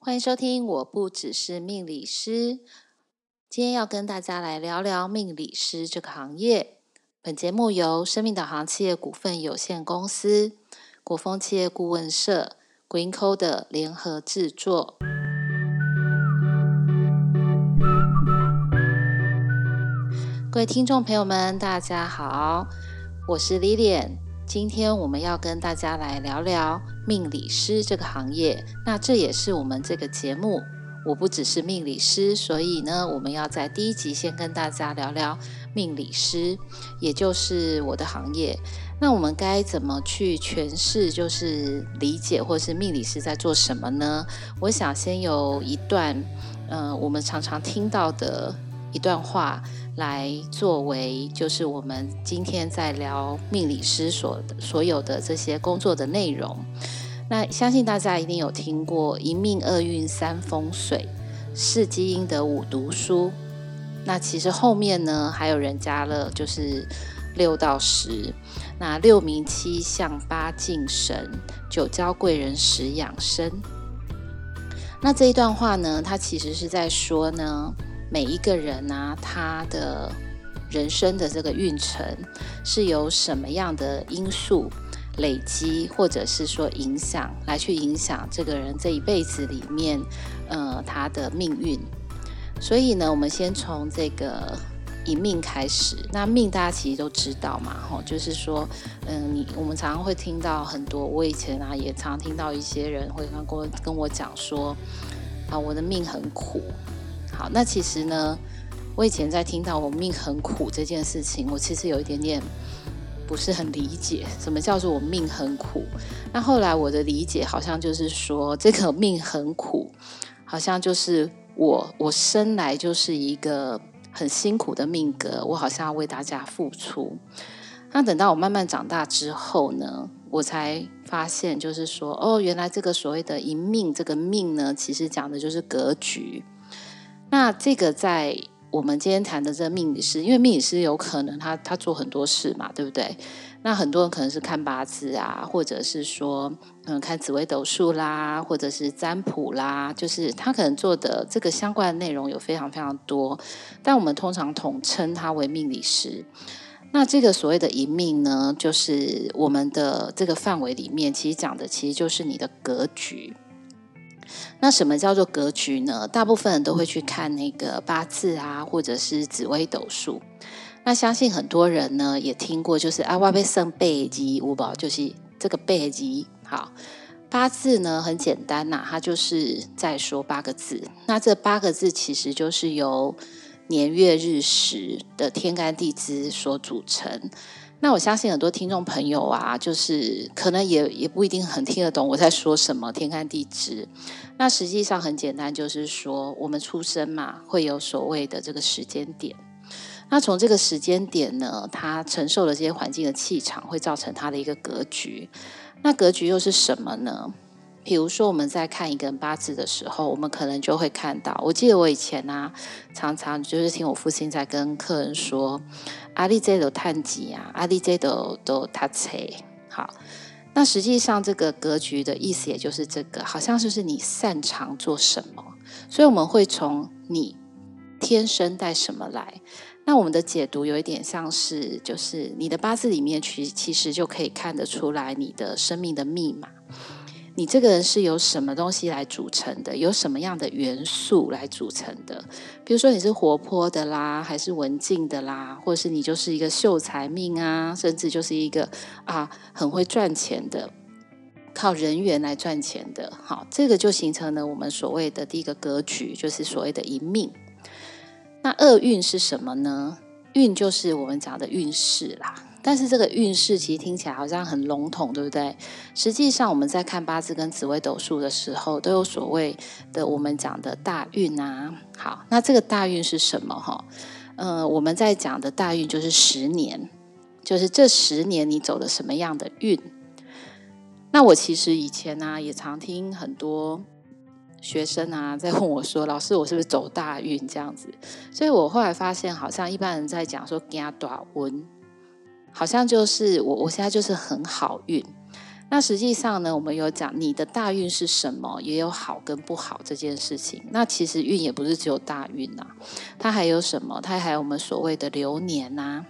歡迎收聽，我不只是命理師。今天要跟大家來聊聊命理師這個行業。本節目由生命導航企業股份有限公司、國峰企業顧問社、GreenCoder 的聯合制作。各位聽眾朋友們，大家好，我是 Lilian。今天我們要跟大家來聊聊。命理師這個行業，那這也是我們這個節目。我不只是命理師，所以呢，我們要在第一集先跟大家聊聊命理師，也就是我的行業。那我們該怎麼去詮釋，就是理解，或是命理師在做什麼呢？我想先有一段，嗯、呃，我們常常聽到的。一段話來作為，就是我們今天在聊命理師所所有的這些工作的內容。那相信大家一定有聽過“一命二運三風水，四積陰德五讀書”。那其實後面呢，還有人加了，就是六到十，那六名七相八敬神，九交貴人十養生。那這一段話呢，它其實是在說呢。每一個人啊，他的人生的這個運程是由什麼樣的因素累積，或者是說影響來去影響這個人這一輩子裡面，呃，他的命運。所以呢，我們先從這個一命開始。那命大家其實都知道嘛，吼、哦，就是說，嗯，你我們常常會聽到很多。我以前啊，也常常聽到一些人會跟我跟我講說，啊，我的命很苦。好，那其實呢，我以前在聽到“我命很苦”這件事情，我其實有一點點不是很理解，什麼叫做我命很苦？那後來我的理解好像就是說，這個命很苦，好像就是我我生來就是一個很辛苦的命格，我好像要為大家付出。那等到我慢慢長大之後呢，我才發現就是說，哦，原來這個所謂的“一命”，這個命呢，其實講的就是格局。那這個在我們今天談的這個命理師，因為命理師有可能他他做很多事嘛，對不對？那很多人可能是看八字啊，或者是說嗯看紫微斗數啦，或者是占卜啦，就是他可能做的這個相關的內容有非常非常多，但我們通常統稱他為命理師。那這個所謂的“一命”呢，就是我們的這個範圍裡面，其實講的其實就是你的格局。那什麼叫做格局呢？大部分人都會去看那個八字啊，或者是紫微斗數。那相信很多人呢也聽過，就是啊，外邊升背吉五寶，就是這個背吉。好，八字呢很簡單吶、啊，它就是在說八個字。那這八個字其實就是由年月日時的天干地支所組成。那我相信很多聽眾朋友啊，就是可能也也不一定很聽得懂我在說什麼。天干地支，那實際上很簡單，就是說我們出生嘛，會有所謂的這個時間點。那從這個時間點呢，他承受了這些環境的氣場，會造成他的一個格局。那格局又是什麼呢？比如說，我們在看一個人八字的時候，我們可能就會看到。我記得我以前啊，常常就是聽我父親在跟客人說：“阿里這都探吉啊，阿里這都都他吹啊。”好，那實際上這個格局的意思，也就是這個，好像就是你擅長做什麼。所以我們會從你天生帶什麼來，那我們的解讀有一點像是，就是你的八字裡面，其其實就可以看得出來你的生命的密碼。你這個人是由什麼東西來組成的？由什麼樣的元素來組成的？比如說你是活潑的啦，還是文靜的啦，或者是你就是一個秀才命啊，甚至就是一個啊很會賺錢的，靠人緣來賺錢的。好，這個就形成了我們所謂的第一個格局，就是所謂的“一命”。那二運是什麼呢？運就是我們講的運勢啦。但是這個運勢其實聽起來好像很籠統，對不對？實際上我們在看八字跟紫微斗數的時候，都有所謂的我們講的大運啊。好，那這個大運是什麼？哈，嗯，我們在講的大運就是十年，就是這十年你走了什麼樣的運？那我其實以前呢、啊、也常聽很多學生啊在問我說：“老師，我是不是走大運？”這樣子，所以我後來發現，好像一般人在講說“加短文”。好像就是我，我現在就是很好運。那實際上呢，我們有講你的大運是什麼，也有好跟不好這件事情。那其實運也不是只有大運吶，它還有什麼？它還有我們所謂的流年吶。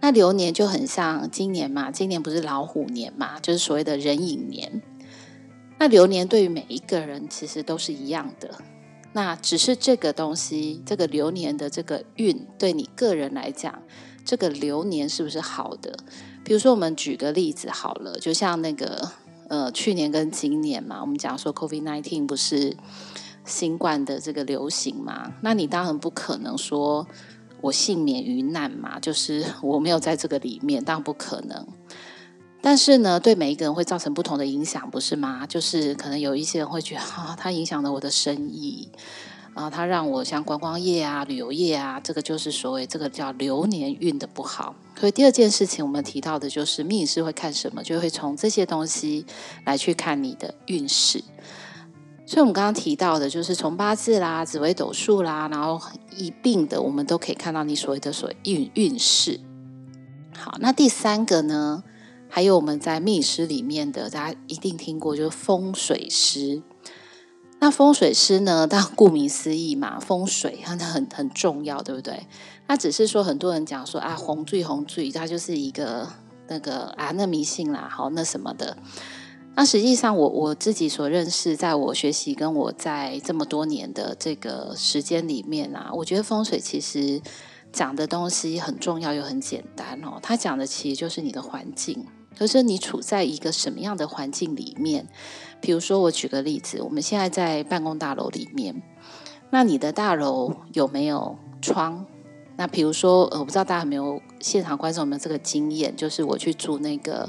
那流年就很像今年嘛，今年不是老虎年嘛，就是所謂的壬寅年。那流年對於每一個人其實都是一樣的，那只是這個東西，這個流年的這個運對你個人來講。這個流年是不是好的？比如說，我們舉個例子好了，就像那個呃，去年跟今年嘛，我們講說 COVID nineteen 不是新冠的這個流行嘛，那你當然不可能說我幸免於難嘛，就是我沒有在這個裡面，當然不可能。但是呢，對每一個人會造成不同的影響，不是嗎？就是可能有一些人會覺得啊，它影響了我的生意。然後他讓我像觀光業啊、旅遊業啊，這個就是所謂這個叫流年運的不好。所以第二件事情，我們提到的就是命理師會看什麼，就會從這些東西來去看你的運勢。所以我們剛剛提到的就是從八字啦、紫微斗數啦，然後一併的，我們都可以看到你所謂的所運運勢。好，那第三個呢，還有我們在命理師裡面的，大家一定聽過，就是風水師。那風水師呢？他顧名思義嘛，風水他很很重要，對不對？他只是說很多人講說啊，紅最紅最，他就是一個那個啊，那迷信啦，好那什麼的。那實際上我，我我自己所認識，在我學習跟我在這麼多年的這個時間裡面啊，我覺得風水其實講的東西很重要又很簡單哦。他講的其實就是你的環境。可是你處在一個什麼樣的環境裡面？比如說，我舉個例子，我們現在在辦公大樓裡面，那你的大樓有沒有窗？那比如說，呃，我不知道大家有沒有現場觀眾有沒有這個經驗，就是我去住那個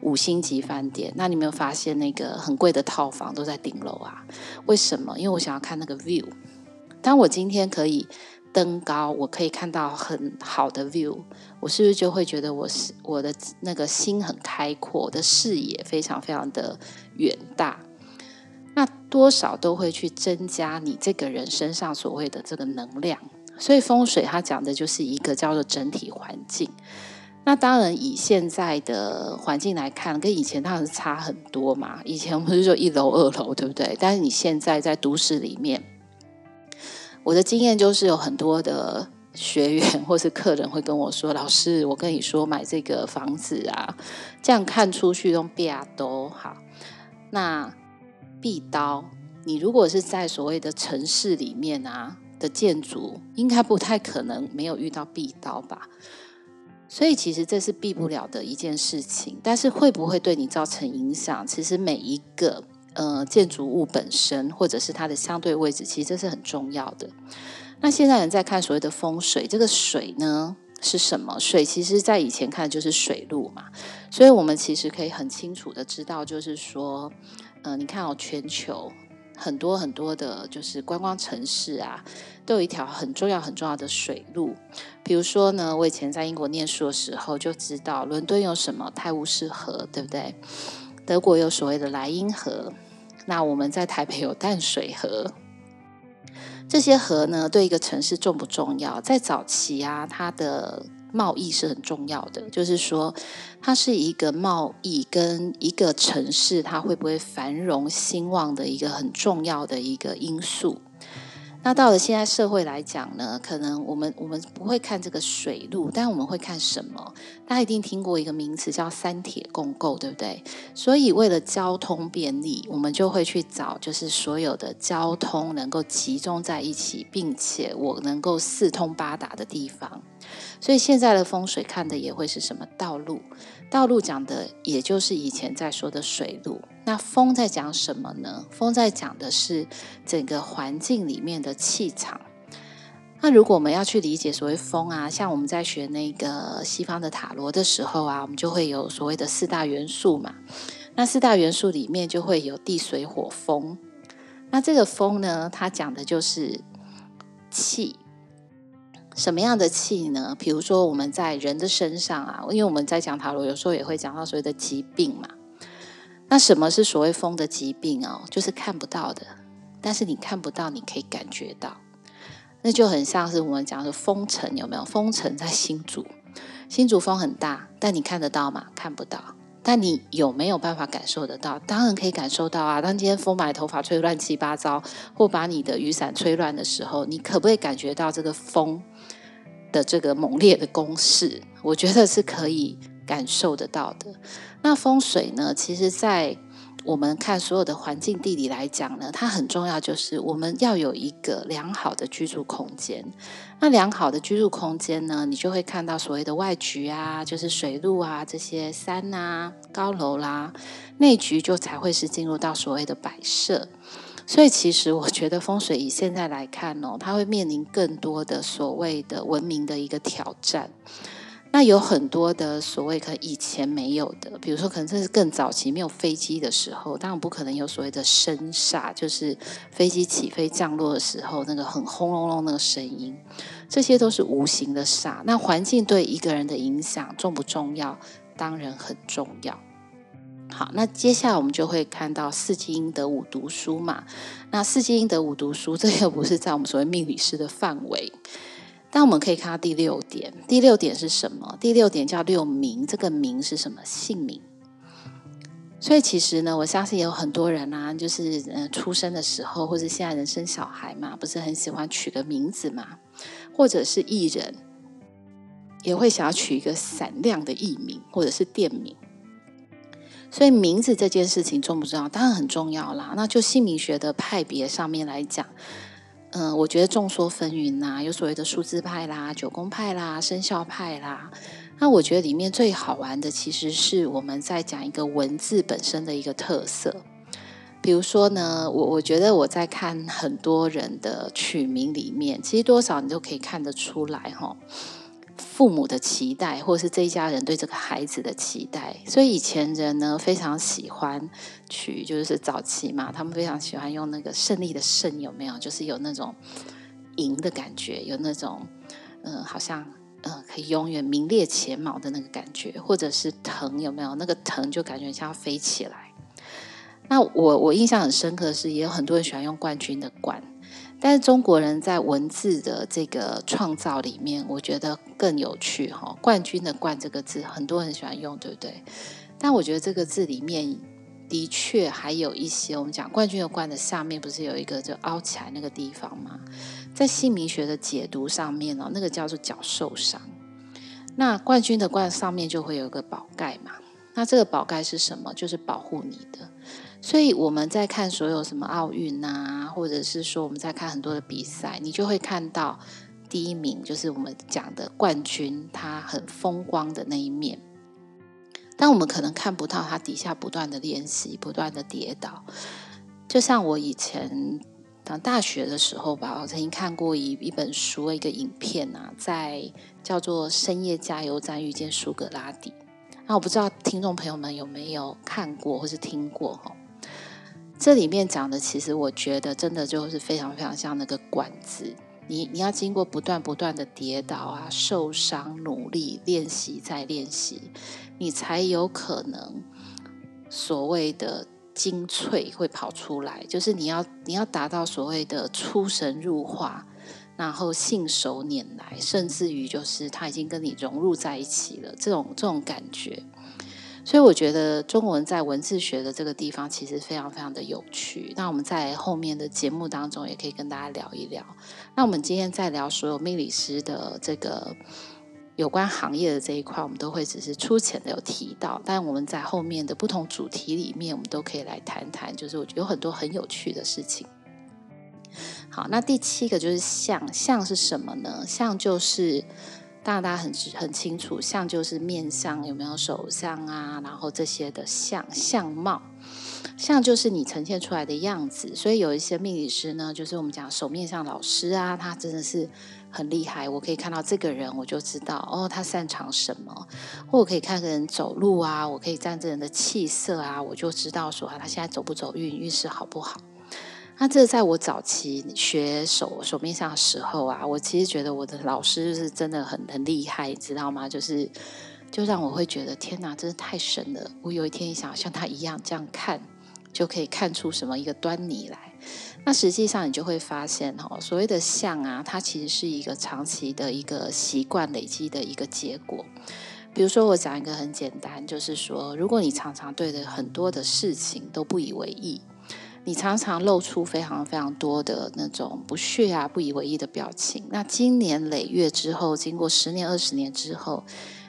五星級飯店，那你沒有發現那個很貴的套房都在頂樓啊？為什麼？因為我想要看那個 view。當我今天可以。登高，我可以看到很好的 view，我是不是就會覺得我是我的那個心很開闊，我的視野非常非常的遠大？那多少都會去增加你這個人身上所謂的這個能量。所以風水它講的就是一個叫做整體環境。那當然以現在的環境來看，跟以前當然是差很多嘛。以前我們是說一樓二樓，對不對？但是你現在在都市裡面。我的經驗就是有很多的學員或是客人會跟我說：“老師，我跟你說買這個房子啊，這樣看出去有壁刀好。那壁刀，你如果是在所謂的城市裡面啊的建築，應該不太可能沒有遇到壁刀吧？所以其實這是避不了的一件事情。但是會不會對你造成影響？其實每一個。”呃，建築物本身或者是它的相對位置，其實這是很重要的。那現在人在看所謂的風水，這個水呢是什麼水？其實，在以前看就是水路嘛，所以我們其實可以很清楚的知道，就是說，呃，你看哦，全球很多很多的，就是觀光城市啊，都有一條很重要很重要的水路。比如說呢，我以前在英國念書的時候就知道，倫敦有什麼泰晤士河，對不對？德國有所謂的萊茵河。那我們在台北有淡水河，這些河呢，對一個城市重不重要？在早期啊，它的貿易是很重要的，就是說，它是一個貿易跟一個城市，它會不會繁榮興旺的一個很重要的一個因素。那到了現在社會來講呢，可能我們我們不會看這個水路，但我們會看什麼？大家一定聽過一個名詞叫三鐵共構，對不對？所以為了交通便利，我們就會去找就是所有的交通能夠集中在一起，並且我能夠四通八達的地方。所以現在的風水看的也會是什麼道路。道路講的也就是以前在說的水路，那風在講什麼呢？風在講的是整個環境裡面的氣場。那如果我們要去理解所謂風啊，像我們在學那個西方的塔羅的時候啊，我們就會有所謂的四大元素嘛。那四大元素裡面就會有地、水、火、風。那這個風呢，它講的就是氣。什麼樣的氣呢？比如說我們在人的身上啊，因為我們在講塔羅，有時候也會講到所謂的疾病嘛。那什麼是所謂風的疾病哦？就是看不到的，但是你看不到，你可以感覺到。那就很像是我們講的風塵，有沒有？風塵在新竹，新竹風很大，但你看得到嗎？看不到。但你有沒有辦法感受得到？當然可以感受到啊！當今天風把頭髮吹亂七八糟，或把你的雨傘吹亂的時候，你可不可以感覺到這個風的這個猛烈的攻勢？我覺得是可以感受得到的。那風水呢？其實，在我們看所有的環境地理來講呢，它很重要，就是我們要有一個良好的居住空間。那良好的居住空間呢，你就會看到所謂的外局啊，就是水路啊這些山啊高樓啦，啊，內局就才會是進入到所謂的擺設。所以其實我覺得風水以現在來看呢，哦，它會面臨更多的所謂的文明的一個挑戰。那有很多的所謂可以前沒有的，比如說可能這是更早期沒有飛機的時候，當然不可能有所謂的聲煞，就是飛機起飛降落的時候那個很轟隆隆那個聲音，這些都是無形的煞。那環境對一個人的影響重不重要？當然很重要。好，那接下來我們就會看到四積陰德五讀書嘛。那四積陰德五讀書，這又不是在我們所謂命理師的範圍。那我們可以看到第六點，第六點是什麼？第六點叫六名，這個名是什麼？姓名。所以其實呢，我相信也有很多人啊，就是呃出生的時候，或者現在人生小孩嘛，不是很喜歡取個名字嘛？或者是藝人，也會想要取一個閃亮的藝名或者是店名。所以名字這件事情重不重要？當然很重要啦。那就姓名學的派別上面來講。嗯，我覺得眾說紛紜啊，有所謂的數字派啦、九宮派啦、生肖派啦。那我覺得裡面最好玩的，其實是我們在講一個文字本身的一個特色。比如說呢，我我覺得我在看很多人的取名裡面，其實多少你都可以看得出來哈。父母的期待，或者是這一家人對這個孩子的期待，所以以前人呢，非常喜歡取，就是早期嘛，他們非常喜歡用那個勝利的勝，有沒有？就是有那種贏的感覺，有那種嗯、呃，好像嗯、呃，可以永遠名列前茅的那個感覺，或者是騰，有沒有？那個騰就感覺像要飛起來。那我我印象很深刻的是，也有很多人喜歡用冠軍的冠，但是中國人在文字的這個創造裡面，我覺得更有趣哈、哦。冠軍的“冠”這個字，很多人很喜歡用，對不對？但我覺得這個字裡面的確還有一些。我們講冠軍的“冠”的下面不是有一個就凹起來那個地方嗎？在姓名學的解讀上面呢、哦，那個叫做腳受傷。那冠軍的“冠”上面就會有一個寶蓋嘛？那這個寶蓋是什麼？就是保護你的。所以我們在看所有什麼奧運吶、啊，或者是說我們在看很多的比賽，你就會看到第一名就是我們講的冠軍，他很風光的那一面。但我們可能看不到他底下不斷的練習，不斷的跌倒。就像我以前當大學的時候吧，我曾經看過一一本書，一個影片啊，在叫做《深夜加油站遇見蘇格拉底》啊。那我不知道聽眾朋友們有沒有看過或是聽過。這裡面講的，其實我覺得真的就是非常非常像那個管子你，你你要經過不斷不斷的跌倒啊、受傷、努力練習再練習，你才有可能所謂的精粹會跑出來。就是你要你要達到所謂的出神入化，然後信手拈來，甚至於就是他已經跟你融入在一起了，這種這種感覺。所以我覺得中文在文字學的這個地方其實非常非常的有趣。那我們在後面的節目當中也可以跟大家聊一聊。那我們今天在聊所有命理師的這個有關行業的這一塊，我們都會只是粗淺的有提到。但我們在後面的不同主題裡面，我們都可以來談談。就是我覺得有很多很有趣的事情。好，那第七個就是相，相是什麼呢？相就是。大家很很清楚，相就是面相，有沒有手相啊，然後這些的相相貌，相就是你呈現出來的樣子。所以有一些命理師呢，就是我們講手面相老師啊，他真的是很厲害。我可以看到這個人，我就知道哦，他擅長什麼；或我可以看個人走路啊，我可以站這人的氣色啊，我就知道說他現在走不走運，運勢好不好。那這在我早期學手手面相的時候啊，我其實覺得我的老師是真的很很厲害，你知道嗎？就是，就讓我會覺得天哪，真的太神了！我有一天想像他一樣這樣看，就可以看出什麼一個端倪來。那實際上你就會發現，所謂的相啊，它其實是一個長期的一個習慣累積的一個結果。比如說，我講一個很簡單，就是說，如果你常常對的很多的事情都不以為意。你常常露出非常非常多的那種不屑啊、不以為意的表情。那經年累月之後，經過十年、二十年之後，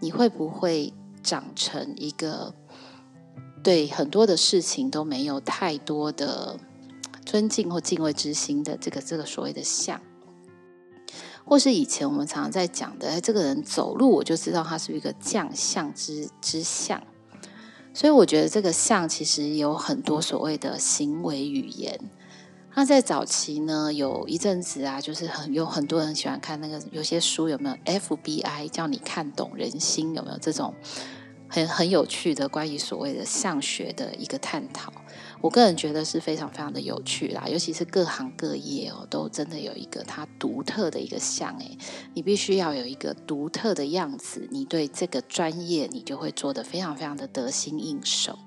你會不會長成一個對很多的事情都沒有太多的尊敬或敬畏之心的這個這個所謂的相？或是以前我們常常在講的，這個人走路，我就知道他是一個將相之之相。所以我覺得這個相其實有很多所謂的行為語言。那在早期呢，有一陣子啊，就是很有很多人很喜歡看那個，有些書有沒有？FBI 叫你看懂人心，有沒有這種？很很有趣的關於所謂的相學的一個探討，我個人覺得是非常非常的有趣啦，尤其是各行各業哦，都真的有一個它獨特的一個相誒，你必須要有一個獨特的樣子，你對這個專業，你就會做得非常非常的得心應手。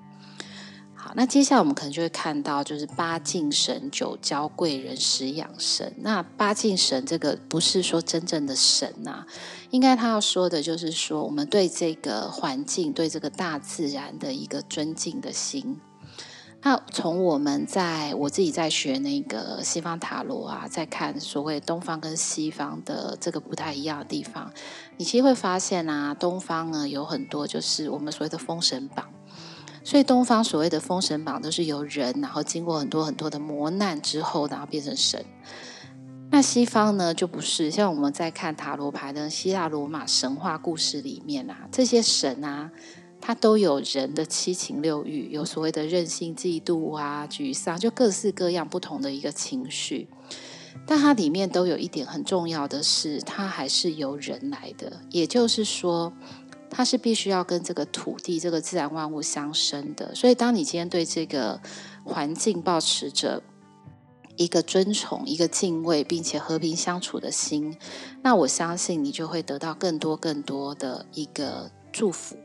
好，那接下來我們可能就會看到，就是八敬神、九交貴人、十養生。那八敬神這個不是說真正的神吶、啊，應該他要說的就是說，我們對這個環境、對這個大自然的一個尊敬的心。那從我們在我自己在學那個西方塔羅啊，在看所謂東方跟西方的這個不太一樣的地方，你其實會發現啊，東方呢有很多就是我們所謂的封神榜。所以東方所謂的封神榜都是由人，然後經過很多很多的磨難之後，然後變成神。那西方呢就不是，像我們在看塔羅牌的希臘羅馬神話故事裡面啊，這些神啊，它都有人的七情六慾，有所謂的任性、嫉妒啊、沮喪，就各式各樣不同的一個情緒。但它裡面都有一點很重要的是，它還是由人來的，也就是說。它是必須要跟這個土地、這個自然萬物相生的，所以當你今天對這個環境保持着一個尊崇、一個敬畏，並且和平相處的心，那我相信你就會得到更多更多的一個祝福。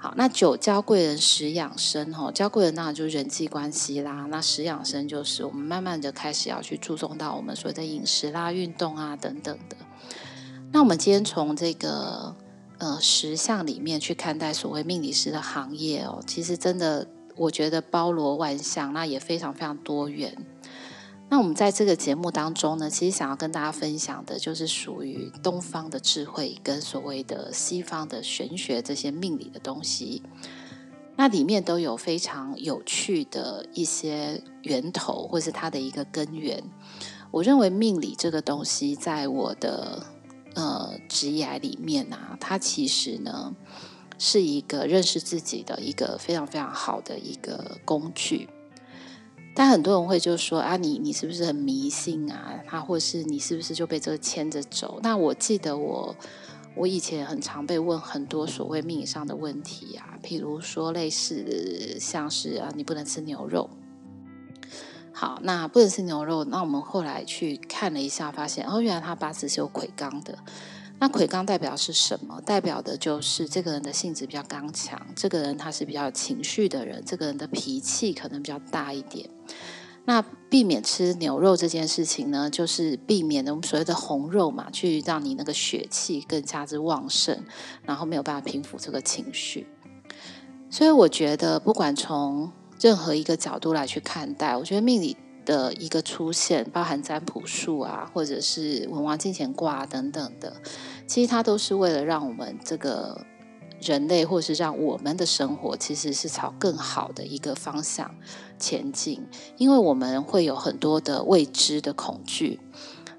好，那九交貴人，十養生哦。交貴人那就是人際關係啦，那十養生就是我們慢慢的開始要去注重到我們所謂的飲食啦、運動啊等等的。那我們今天從這個。呃，十項裡面去看待所謂命理師的行業哦，其實真的，我覺得包羅萬象，那也非常非常多元。那我們在這個節目當中呢，其實想要跟大家分享的就是屬於東方的智慧跟所謂的西方的玄學這些命理的東西，那裡面都有非常有趣的一些源頭或是它的一個根源。我認為命理這個東西，在我的。呃，職業裡面啊，它其實呢是一個認識自己的一個非常非常好的一個工具。但很多人會就說啊，你你是不是很迷信啊？他、啊、或是你是不是就被這個牽着走？那我記得我我以前很常被問很多所謂命理上的問題啊，譬如說類似像是啊，你不能吃牛肉。好，那不能吃牛肉，那我們後來去看了一下，發現哦，原來他八字是有魁罡的。那魁罡代表的是什麼？代表的就是這個人的性質比較剛強，這個人他是比較有情緒的人，這個人的脾氣可能比較大一點。那避免吃牛肉這件事情呢，就是避免我們所謂的紅肉嘛，去讓你那個血氣更加之旺盛，然後沒有辦法平復這個情緒。所以我覺得，不管從任何一個角度來去看待，我覺得命理的一個出現，包含占卜術啊，或者是文王金錢卦等等的，其實它都是為了讓我們這個人類，或是讓我們的生活，其實是朝更好的一個方向前進，因為我們會有很多的未知的恐懼。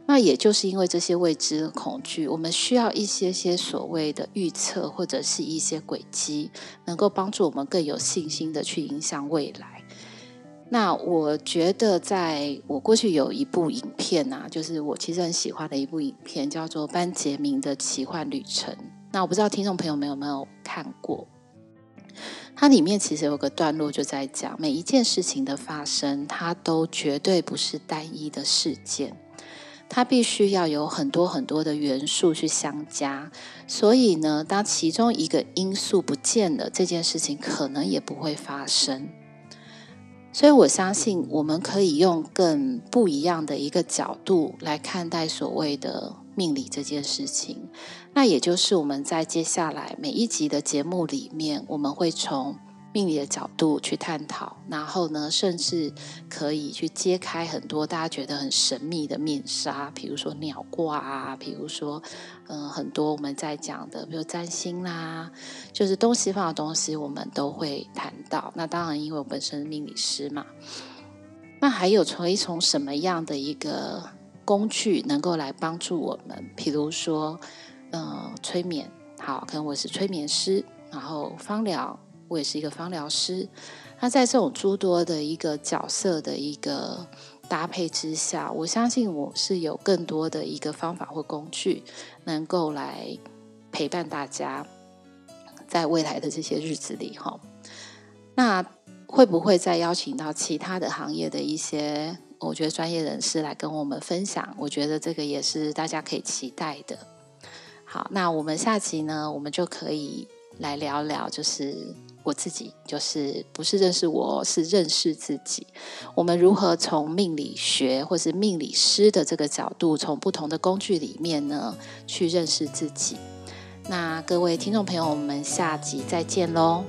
那也就是因為這些未知的恐懼，我們需要一些些所謂的預測或者是一些軌跡，能夠幫助我們更有信心的去影響未來。那我覺得，在我過去有一部影片啊，就是我其實很喜歡的一部影片，叫做《班杰明的奇幻旅程》。那我不知道聽眾朋友們有沒有看過？它裡面其實有個段落就在講，每一件事情的發生，它都絕對不是單一的事件。它必須要有很多很多的元素去相加，所以呢，當其中一個因素不見了，這件事情可能也不會發生。所以我相信，我們可以用更不一樣的一個角度來看待所謂的命理這件事情。那也就是我們在接下來每一集的節目裡面，我們會從命理的角度去探討，然後呢，甚至可以去揭開很多大家覺得很神秘的面紗，比如說鳥卦啊，比如說嗯、呃，很多我們在講的，比如說占星啦，就是東西方的東西，我們都會談到。那當然，因為我本身是命理師嘛，那還有可以從什麼樣的一個工具能夠來幫助我們？比如說嗯、呃，催眠，好，可能我是催眠師，然後芳療。我也是一個芳療師，那在這種諸多的一個角色的一個搭配之下，我相信我是有更多的一個方法或工具能夠來陪伴大家在未來的這些日子裡哈。那會不會再邀請到其他的行業的一些我覺得專業人士來跟我們分享？我覺得這個也是大家可以期待的。好，那我們下集呢，我們就可以來聊聊，就是。我自己就是不是認識我，是認識自己。我們如何從命理學或是命理師的這個角度，從不同的工具裡面呢，去認識自己？那各位聽眾朋友，我們下集再見嘍。